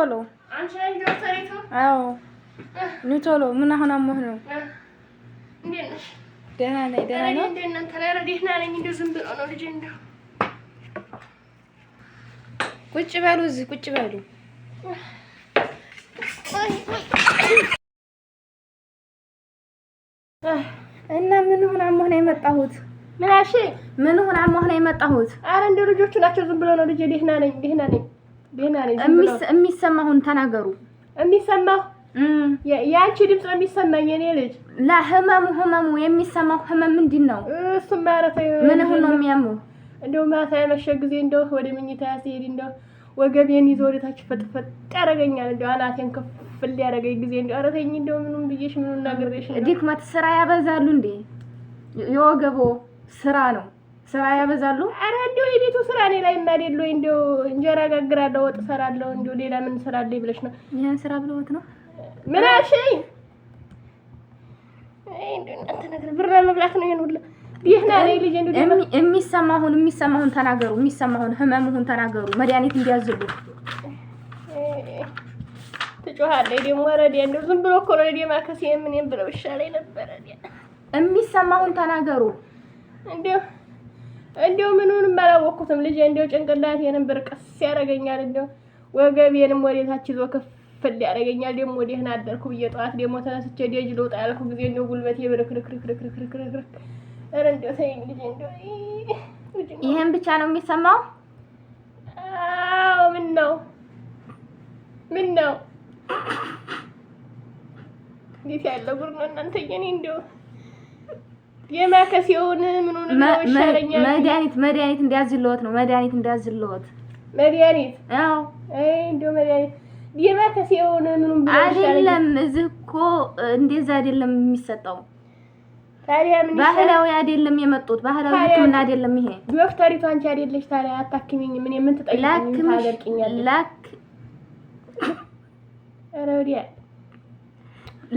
ቶሎ አዎ ኑ ቶሎ ምን አሁን አሞህ ነው? ደህና ነኝ። ደህና ነው። ቁጭ በሉ፣ እዚህ ቁጭ በሉ። እና ምን ሆነ አሞህ ነው የመጣሁት? ምን ሆነ አሞህ ነው የመጣሁት? አረ እንደው ልጆቹ ናቸው። ዝም ብሎ ነው ልጄ። ደህና ነኝ፣ ደህና ነኝ የሚሰማሁን ተናገሩ። የሚሰማሁ የአንቺ ድምፅ ነው የሚሰማኝ። የኔ ልጅ ለህመሙ ህመሙ የሚሰማው ህመም ምንድን ነው? እሱም ማለት ነው የሚያሙ እንደው ማታ ያመሸ ጊዜ እንደው ወደ ምኝታ ሲሄድ እንደው ወገቤን ይዞ ወደታች ፈጥፈጥ ያደርገኛል። እንደው አናቴን ክፍል ያደርገኝ ጊዜ እንደው ኧረ ተኝ እንደው ምኑን ብዬሽ ምኑን እናገርሽ። ድክመት ስራ ያበዛሉ እንዴ? የወገቦ ስራ ነው ስራ ያበዛሉ። አረ እንዲሁ የቤቱ ስራ እኔ ላይ እናደለ ወይ እንዲሁ እንጀራ ጋግራለሁ፣ ወጥ ሰራለሁ፣ እንዲሁ ሌላ ምን ስራ አለ ብለሽ ነው? ይህን ስራ ብለወት ነው ምን አልሽኝ? ብር መብላት ነው ይሄን ሁሉ የሚሰማሁን የሚሰማሁን ተናገሩ። የሚሰማሁን ህመምሁን ተናገሩ። መድኃኒት እንዲያዝሉ ትጮኻለች ደግሞ ረዲ እንደው ዝም ብሎ እኮ ነው ማከስ የምን ብለው ይሻለኝ ነበረ። የሚሰማሁን ተናገሩ እንዲሁ እንዲያው ምኑንም አላወቅኩትም። ልጅ እንዲያው ጭንቅላቴንም ብርቅስ ያደርገኛል። እንዲያው ወገቤንም ወደታች ይዞ ክፍል ያደርገኛል። ደግሞ ወዴህን አደርኩ ብዬ ጠዋት ደግሞ ተነስቼ ደጅ ልውጣ ያልኩ ጊዜ እንዲያው ጉልበቴ ብርክርክርክርክርክርክርክ። ኧረ እንዲያው ተይኝ እንዲያው። ይሄን ብቻ ነው የሚሰማው? አዎ። ምን ነው ምን ነው? እንዴት ያለ ጉድ ነው እናንተዬ! እንዲያው የማከሴውን ምን ሆነ ነው ይሻለኛል። መድኃኒት መድኃኒት እንዳያዝልዎት ነው መድኃኒት እንዳያዝልዎት መድኃኒት። አዎ አይ እንደው መድኃኒት የማከሴውን ምን ሆነ አይደለም። እዚህ እኮ እንደዛ አይደለም የሚሰጠው። ታዲያ ምን ባህላዊ አይደለም የመጡት ባህላዊ ሕክምና አይደለም ይሄ። ዶክተሪቱ አንቺ አይደለሽ ታዲያ አታክሚኝ። ምን ምን ትጠይቂኝ? ታደርቂኛለሽ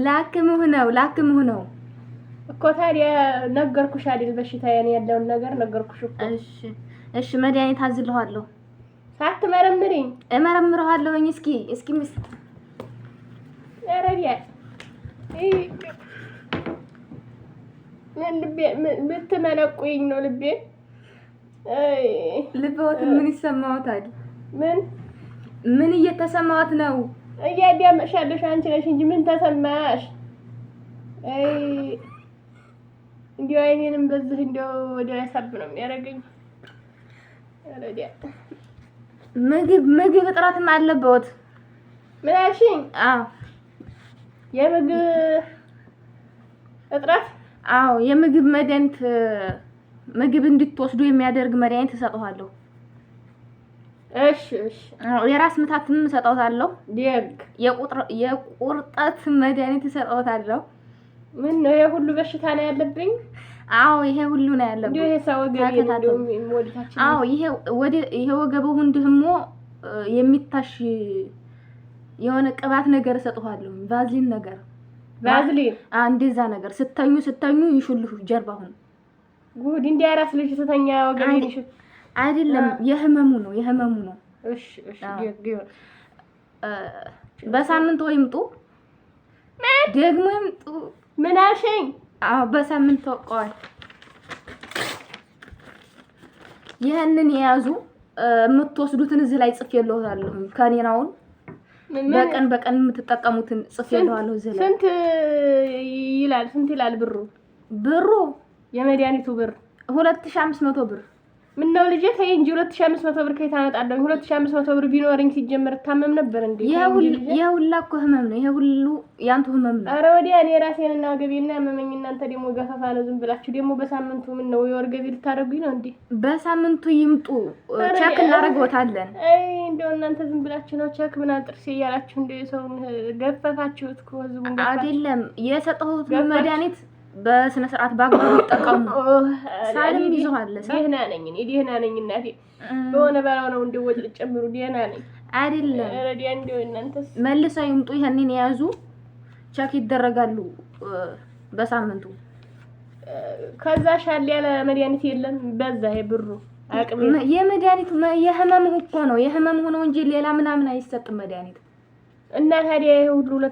ላክ እኮ ታዲያ ነገርኩሽ አይደል? በሽታ ያን ያለውን ነገር ነገርኩሽ እኮ። እሺ እሺ፣ መድኃኒት አዝልኋለሁ። ሳትመረምሪኝ እመረምረዋለሁኝ። እስኪ እስኪ ምስ ያረዲያ ልቤ ብትመለቁኝ ነው ልቤ። ልበወት ምን ይሰማዎታል? ምን ምን እየተሰማዎት ነው? እያዳመጥሻለሽ አንቺ ነሽ እንጂ ምን ተሰማሽ? እንዲሁ አይኔንም በዚህ እንዲሁ ወደ ላይ ሳብ ነው የሚያደርገኝ። ምግብ ምግብ እጥረትም አለበት። ምን አልሽኝ? አዎ የምግብ እጥረት። አዎ የምግብ መድኃኒት፣ ምግብ እንድትወስዱ የሚያደርግ መድኃኒት እሰጥኋለሁ። እሺ እሺ። የራስ ምታትም እሰጥዎታለሁ። የቁርጠት መድኃኒት እሰጥዎታለሁ። ምን ነው ይሄ ሁሉ በሽታ ነው ያለብኝ? አዎ ይሄ ሁሉ ነው ያለብኝ። ይሄ ሰው ገቢ አዎ ይሄ ወደ ይሄ ወገቡ ደግሞ የሚታሽ የሆነ ቅባት ነገር እሰጥኋለሁ፣ ቫዝሊን ነገር ቫዝሊን፣ እንደዛ ነገር ስተኙ ስተኙ ይሹልሁ ጀርባሁን። ጉድ እንዲያ አራስ ልጅ ስተኛ ወገብ ይሹ አይደለም፣ የህመሙ ነው የህመሙ ነው። እሺ እሺ፣ በሳምንት ወይምጡ ደግሞ ይምጡ ምን አልሽኝ? አዎ በሳምንት ተወቀዋል። ይህንን የያዙ የምትወስዱትን እዚህ ላይ ጽፍ ጽፌልዎታለሁ። ከኔናውን በቀን በቀን የምትጠቀሙትን ጽፌልዎታለሁ። እዚህ ላይ ስንት ይላል? ስንት ይላል ብሩ? ብሩ የመድኃኒቱ ብር ሁለት ሺ አምስት መቶ ብር ምነው ልጄ ተይ እንጂ 2500 መቶ ብር ከየት አመጣለሁ? መቶ ብር ቢኖረኝ ሲጀመር እታመም ነበር እንዴ? ያው ያው እኮ ህመም ነው። ይሄ ሁሉ ያንተ ህመም ነው። አረ ወዲያ እኔ እና ገቢና ያመመኝ እናንተ ደግሞ ገፋፋ ነው። ዝም ብላችሁ ደግሞ በሳምንቱ ምን ነው የወር ገቢ ልታደርጉኝ ነው እንዴ? በሳምንቱ ይምጡ ቸክ እናደርግዎታለን። አይ እንደው እናንተ ዝም ብላችሁ ነው ቸክ ምን አጥርሴ እያላችሁ እንደ ሰውን ገፈፋችሁት እኮ ህዝቡን አይደለም የሰጠሁት መድኃኒት በስነ ስርዓት በአግባቡ ይጠቀሙ። ሳሊም ይዞሃለ ደህና ነኝ እኔ ደህና ነኝ እናቴ። በላው ነው እንደ ወጥ ልጨምሩ ደህና ነኝ አይደለም። ይምጡ። ይህንን የያዙ ቸክ ይደረጋሉ በሳምንቱ። ከዛ ሻል ያለ መድኃኒት የለም በዛ የብሩ የመድኃኒቱ የህመም እኮ ነው የህመም ሆነው እንጂ ሌላ ምናምን አይሰጥም መድኃኒቱ። እና ታዲያ ይሄ ሁሉ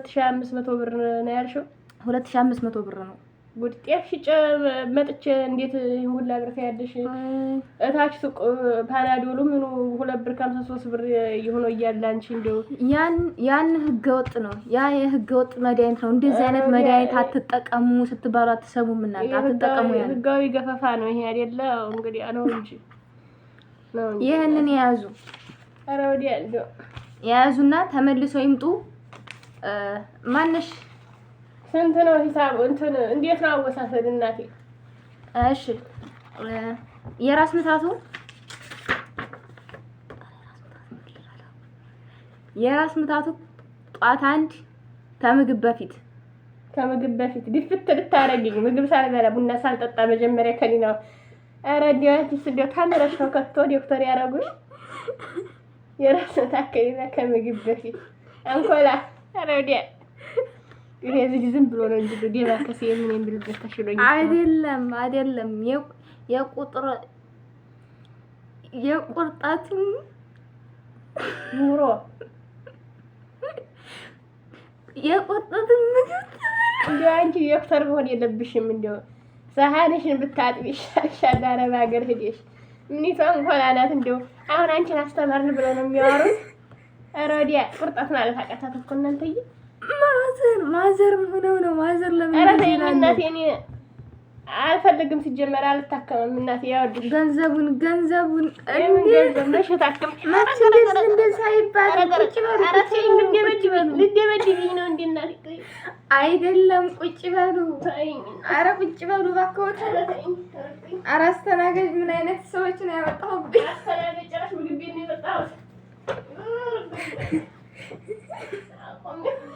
ብር ነው ያልሽው? 2500 ብር ነው ጉድ ጤፍ ሽጬ መጥቼ እንዴት ሁላ ብር ታያለሽ? እታች ሱቅ ፓናዶሉ ምኑ ሁለት ብር ከሀምሳ ሶስት ብር የሆነ እያለ አንቺ እንደው ያን ያን ህገ ወጥ ነው። ያ የህገ ወጥ መድኃኒት ነው። እንደዚህ አይነት መድኃኒት አትጠቀሙ ስትባሉ አትሰሙም እናንተ አትጠቀሙ። ያ ህጋዊ ገፈፋ ነው ይሄ አይደለ? እንግዲህ ነው እንጂ ይህንን የያዙ ኧረ ወዲያ እንደው የያዙና ተመልሰው ይምጡ ማነሽ ስንት ነው ሂሳብ? እንትን እንዴት ነው አወሳሰድ እናቴ? እሺ የራስ ምታቱ የራስ ምታቱ ጧት አንድ ከምግብ በፊት ከምግብ በፊት ድፍት ልታረግኝ ምግብ ሳልበላ ቡና ሳልጠጣ መጀመሪያ ከሊና ኧረ ዲያቲስ ዲያ ካሜራሽ ነው ከቶ ዶክተር ያረጉ የራስ ምታት ከሊና ከምግብ በፊት አንኮላ ኧረ ይሄ ልጅ ዝም ብሎ ነው እንጂ ሌላ ከሴ ምን የሚልበት ተሽሎኝ አይደለም፣ አይደለም የቁጥር የቁርጣት ኑሮ የቁርጣት ምግብ እንደ አንቺ ዶክተር መሆን የለብሽም። እንደው ሰሃንሽን ብታጥቢ ይሻልሻል። አረብ ሀገር ሂደሽ ምኒቷ እንኳን አላት። እንደው አሁን አንቺን አስተማርን ብለው ነው የሚያወሩት። ኧረ ወዲያ ማለት አቃታት እኮ እናንተዬ ማዘር ማዘር ሆነው ነው ማዘር አልፈልግም። ሲጀመር አልታከምም። እናቴ ያወድሽ ገንዘቡን ገንዘቡን እንደዚህ አይባልም። አይደለም። ቁጭ በሉ፣ ኧረ ቁጭ በሉ እባክዎት። ኧረ አስተናጋጅ ምን አይነት ሰዎች ነው ያመጣሁብኝ?